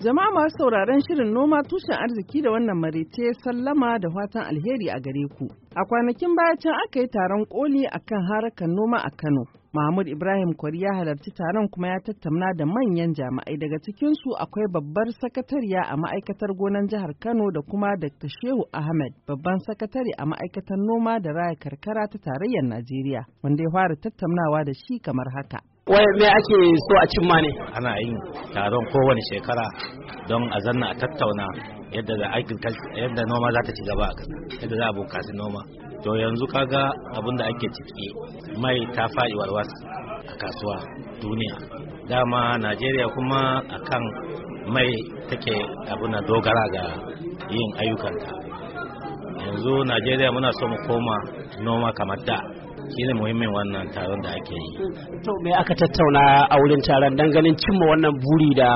Jama'a masu sauraron shirin noma tushen arziki da wannan marece sallama da fatan alheri a gare ku. A kwanakin baya can aka yi taron koli a kan harakan noma a Kano. Mahmud Ibrahim Kwari ya halarci taron kuma ya tattauna da manyan jami'ai daga cikinsu akwai babbar sakatariya a ma'aikatar gonan jihar Kano da kuma Dr. Shehu Ahmed babban sakatare a ma'aikatar noma da raya karkara ta tarayyar Najeriya wanda ya fara tattaunawa da shi kamar haka. wai me ake so a cimma ne ana yin taron kowane shekara don a zanna a tattauna yadda da yadda noma za ta ci gaba a ƙasa yadda za a bunkasi noma to yanzu kaga abin da ake ciki mai ta faɗi warwas a kasuwa duniya dama najeriya kuma akan mai take abuna dogara ga yin ayyukanta yanzu najeriya muna so mu koma noma kamar da shi ne muhimmin wannan taron da ake yi to me aka tattauna a wurin taron dan ganin cimma wannan buri da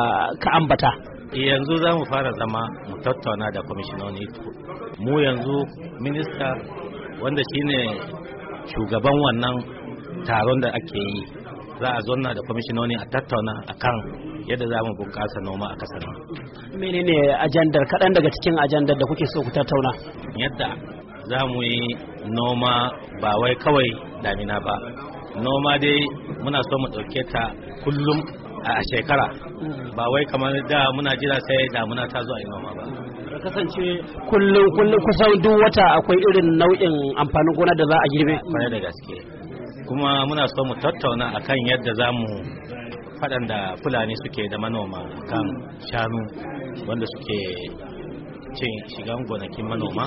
ka ambata eh, yanzu za mu fara zama mu tattauna da kwamishinoni mu yanzu minista wanda shi ne shugaban wannan taron da ake yi za a zonna da kwamishinoni a tattauna akan yadda za mu bunƙasa noma a ƙasar menene ajandar kaɗan daga cikin ajandar da kuke so ku tattauna yadda za mu yi noma ba wai kawai damina ba noma dai muna so mu ɗauke ta kullum a shekara mm. ba wai kamar da muna jira sai damuna ta zo a yi noma ba kasance kullum kullum kusan duk wata akwai irin nau'in amfanin gona da za a girbe kwarai da gaske kuma muna so mu tattauna a kan yadda za mu faɗan da fulani suke da manoma kan shanu wanda suke ce shigan gonakin manoma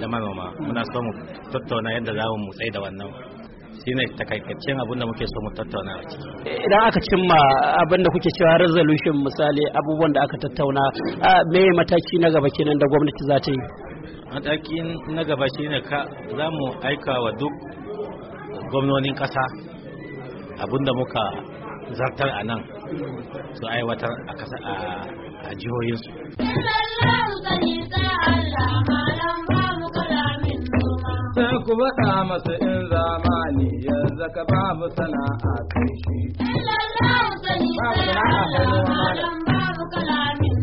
da manoma muna so mu tattauna yadda za mu tsaye da wannan ne takaitaccen abinda muke so mu tattauna a ciki idan aka cimma abin da kuke cewa resolution misali abubuwan da aka tattauna me mataki na gaba kenan da gwamnati za ta yi mataki na gaba shi ne ka za mu aika wa duk gwamnonin kasa abinda da muka zartar a nan su aiwatar a jihohinsu faɗa masu in zamani yanzu ka ba mu sana'a kai shi. Sallallahu malam babu kalamin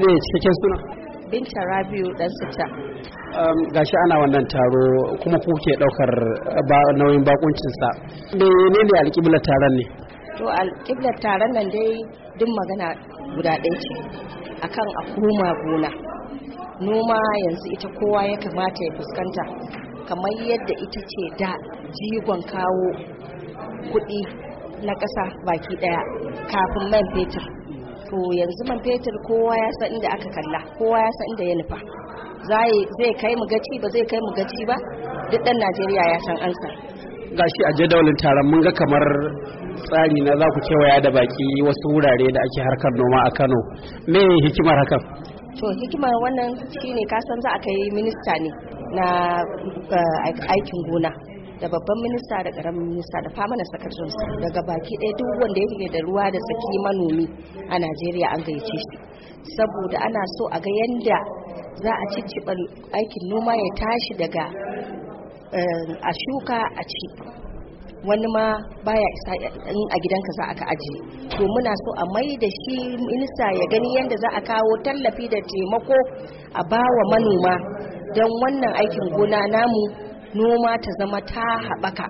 ne cikin suna. Binta Rabiu ɗan suta. gashi ana wannan taro kuma kuke ɗaukar eh, nauyin bakuncinsa. Mene ne alƙiblar taron ne? To alƙiblar taron nan dai duk magana guda ɗaya ce akan a kuma gona. noma yanzu ita kowa ya kamata ya fuskanta kamar yadda ita ce da jigon kawo kuɗi na ƙasa baki ɗaya kafin man fetur to yanzu man fetur kowa ya san inda aka kalla kowa ya san inda ya nufa zai kai mu gaci ba zai kai mu gaci ba duk ɗan najeriya ya san ansa gashi a jadawalin taron mun ga kamar tsari na za ku kewaya da baki wasu wurare da ake harkar noma a kano me hikimar hakan to hikimar wannan shine kasan za a kai minista ne na eh, aikin gona da babban minista da karamin minista da famana sakatrinsa daga baki ɗaya duk wanda ya yake da ruwa da tsaki manomi a najeriya an gayyace shi saboda ana so a ga yadda za a cicciɓa aikin noma ya tashi daga eh, a shuka a ci wani ma baya isa in a gidanka za a ka ajiye to muna so a mai da shi minista ya gani yadda za a kawo tallafi da taimako a bawa manoma don wannan aikin gona namu noma ta zama ta haɓaka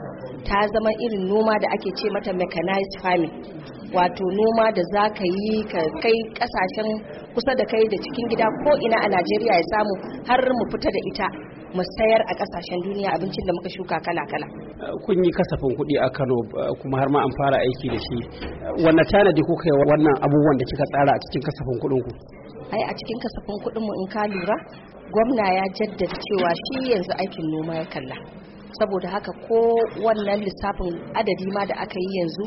ta zama irin noma da ake ce mata mechanized farming wato noma da za ka yi ka kai kasashen kusa da kai da cikin gida ko ina a najeriya ya samu har mu fita da ita mu sayar a kasashen duniya abincin da muka shuka kala-kala. Kun yi kasafin kuɗi a Kano eh, kuma har ma an fara aiki da shi. Wanne tanadi kuka yi wannan abubuwan da kika tsara a cikin kasafin kuɗin ku? Ai a cikin kasafin kuɗin mu in ka lura gwamna ya jaddada cewa shi yanzu aikin noma ya kalla. saboda haka ko wannan lissafin adadi ma da aka yi yanzu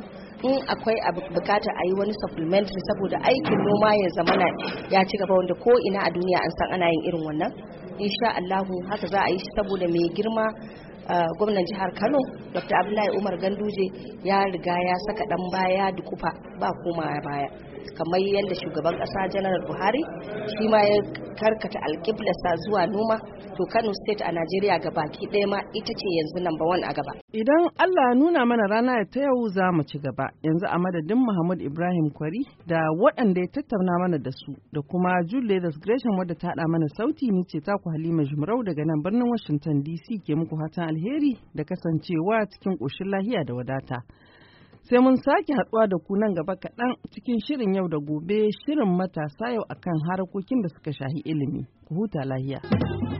in akwai bukatar a yi wani supplementary saboda aikin noma ya zamana ya ci gaba wanda ko ina a duniya an san ana yin irin wannan insha Allahu haka za a yi shi saboda mai girma gwamnan jihar Kano Dr. Abdullahi Umar Ganduje ya riga ya saka dan baya dukufa ba koma baya kamar yadda shugaban kasa janar Buhari shi ma ya karkata alkiblasa zuwa noma to Kano state a Najeriya ga baki ɗaya ma ita ce yanzu number one a gaba. Idan Allah ya nuna mana rana ta yau za mu ci gaba yanzu a madadin Muhammad Ibrahim Kwari da waɗanda ya tattauna mana da su da kuma Julius Gresham wadda ta haɗa mana sauti ni ce ta ku Halima Jumrau daga nan birnin Washington DC ke muku hatan alheri da kasancewa cikin koshin lahiya da wadata. Sai mun sake haɗuwa da ku nan gaba kaɗan cikin shirin yau da gobe shirin matasa yau akan harkokin da suka shahi ilimi. Ku huta lahiya.